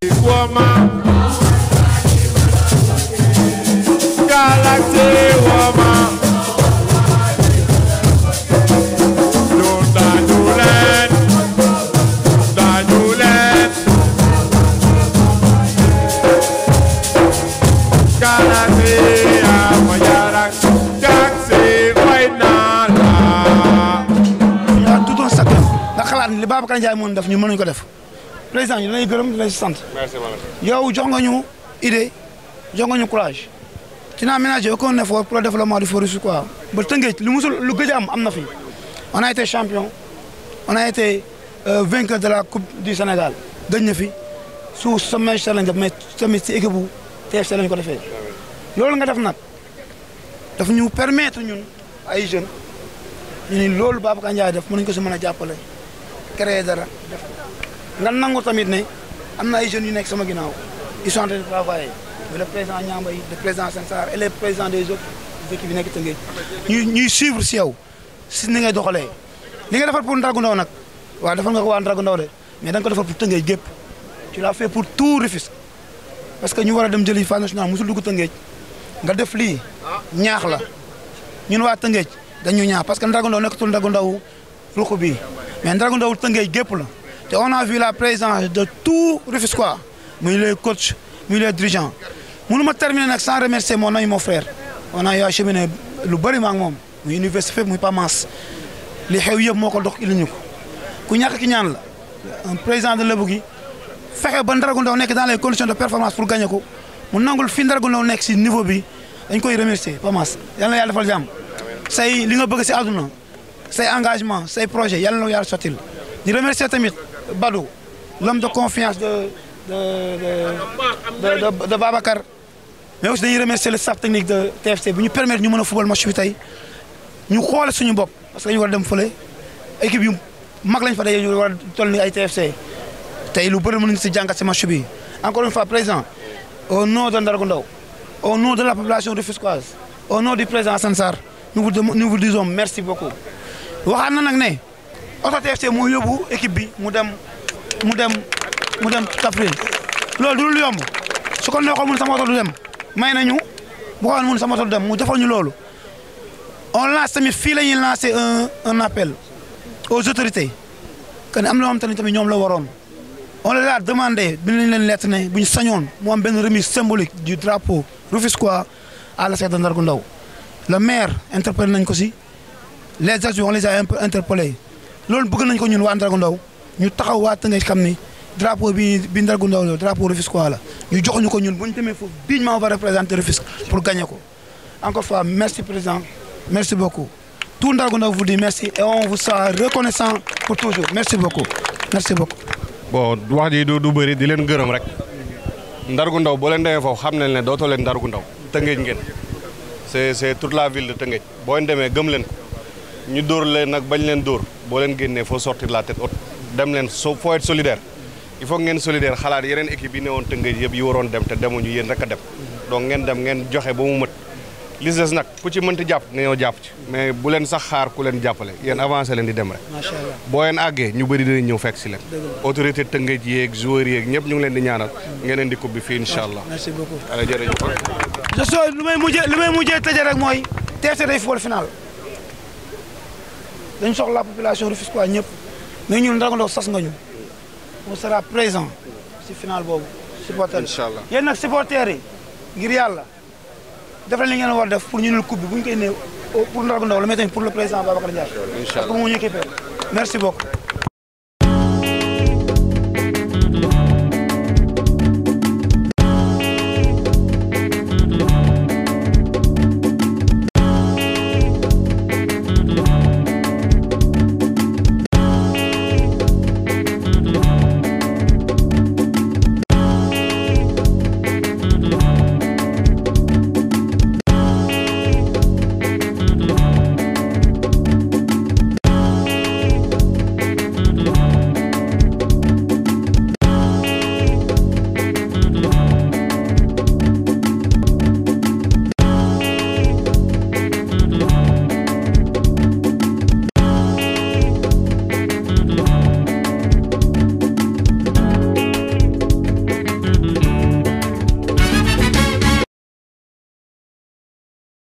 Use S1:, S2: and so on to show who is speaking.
S1: woman. Galaxy woman.
S2: Babacar Ndiaye moom def ñu mënuñ ko def président ñu lay gërëm lay sant. merci beaucoup yow jox nga ñu idée jox nga ñu courage. dina aménager aucun effort pour le développement du Fort quoi ba Tëngéej lu musul lu gëj am am na fi on a été champion on a été euh, vainqueur de la coupe du Sénégal gëj na fi su sommet si lañ def mais tamit si équipe bu TFC lañ ko defee loolu nga def nag daf ñu permettre ñun ay jeunes ñu ni loolu Babacar Ndiaye def mën nañu ko si mën a jàppale créer dara nga nangu tamit ne amna ay jeune yu nek sama ginaaw ils sont en train de travailler le président Niambay le président sensar et les présidents des autres équipes nek nekk Tëngéej ñuy suivre si yow si ni ngay doxalee li nga defal pour Ndargu Ndaw nag waaw defal nga ko waa Ndargu Ndaw de mais da nga ko defal pour Tëngéej gep tu l'as fait pour tout Rufisque parce que ñu war a dem jëli phase nationale mosul dugg Tëngéej nga def li ñaax la ñun wa Tëngéej dañu ñaax parce que Ndargu Ndaw nekkatul Ndargu Ndaw ruq bii mais Ndargu Ndaw Tëngéej gépp la on a vu la présence de tout Rufusquois, mais les coachs, les dirigeants. Je ne terminer sans remercier mon ami, mon frère. On a eu le bon moment. l'université, n'est pas masse. Les moi, quand il nous. a un président de fait faire bon dragon dans les conditions de performance pour gagner. Mon angle fin dragon dans le niveau bi. dañ koy remercier pas masse. na C'est defal C'est say li engagement say projet yàlla na yàlla tamit Badou, l'homme de confiance de, de, de, de, Babacar. Mais aussi, je remercie le staff technique de TFC qui nous permet de jouer football match. Nous croyons sur nous parce que nous devons aller équipe yu mag lañ fa daje ñu war a toll ni ay TFC tey lu bëri mën si jàngat match bi encore une fois président au nom de Ndargu Ndaw au nom de la population Fiscoise au nom du président Sansar, Sarr nous vous nous vous disons merci beaucoup waxaat na nag ne TFC moo yóbbu équipe bi mu dem mu dem mu dem Kaffrine loolu du lu yomb su ko neexoon mun sama oto du dem may nañu bu ko mun sama oto du dem mu defal ñu loolu on lance tamit fi la lancer un un appel aux autorités que am na am xam tamit ñoom la waron on la demandé bi ñu leen lettre ne bu ñu mu am ben remise symbolique du drapeau rufisquois à la de Ndargu Ndaw le maire interpelle nañ ko si les agents on les a un peu interpellés lolou bëgg nañ ko ñun wa ndar Ndaw ñu taxaw waa Tëngéej xam ni drapeau bi bi Ndargu Ndaw la drapeau Rufisque quoi la ñu jox ñuko ñun buñu ñu fofu foofu dignement on va représenter Rufisque pour gagner ko encore fois merci président merci beaucoup tout Ndargu Ndaw vous dit merci et on vous sera reconnaissant pour toujours merci beaucoup merci beaucoup.
S1: bon wax di do du beuri di len gërëm rek Ndargu Ndaw bo len demee fofu xam nañ ne dootoo leen Ndargu Ndaw Tëngéej ngeen c'est c'est toute la ville de Tëngéej bo len démé gëm len ñu door leen nak bañ len door bo len génné fo sortir la tête haute. dem len so fo être solidaire il faut ngeen solidaire xalaat yenen équipe bi néwon newoon tëngëj yeb yi waroon dem te ñu yeen rek dem donc ngeen dem ngeen joxé bamu mu li dess nak ku ci mënta japp nañoo japp ci mais bu len sax xaar ku len jappalé yeen avancer len di dem rek bo yeen aggé ñu bari dinañ ñew fekk ci len autorité yi ak joueur yi ak ñep ñu ngi leen di ñaanal ngeen di coupe bi fii incha merci beaucoup ala jërëjëf
S2: so lu may mujjee lu may mujjé tejé rek moy tété day fool final dañ soxla population quoi ñep mais ñun Ndongo Lo sos nga ñu on sera présent si final boobu supporter incha allah yéen nag supporter yi ngir yàlla def nañ li ngeen war def pour ñu coupe bi bu ñu koy néew pour Ndongo Lo mais tamit pour le président Babacar Ndiaye parce que moo ñu képpee merci beaucoup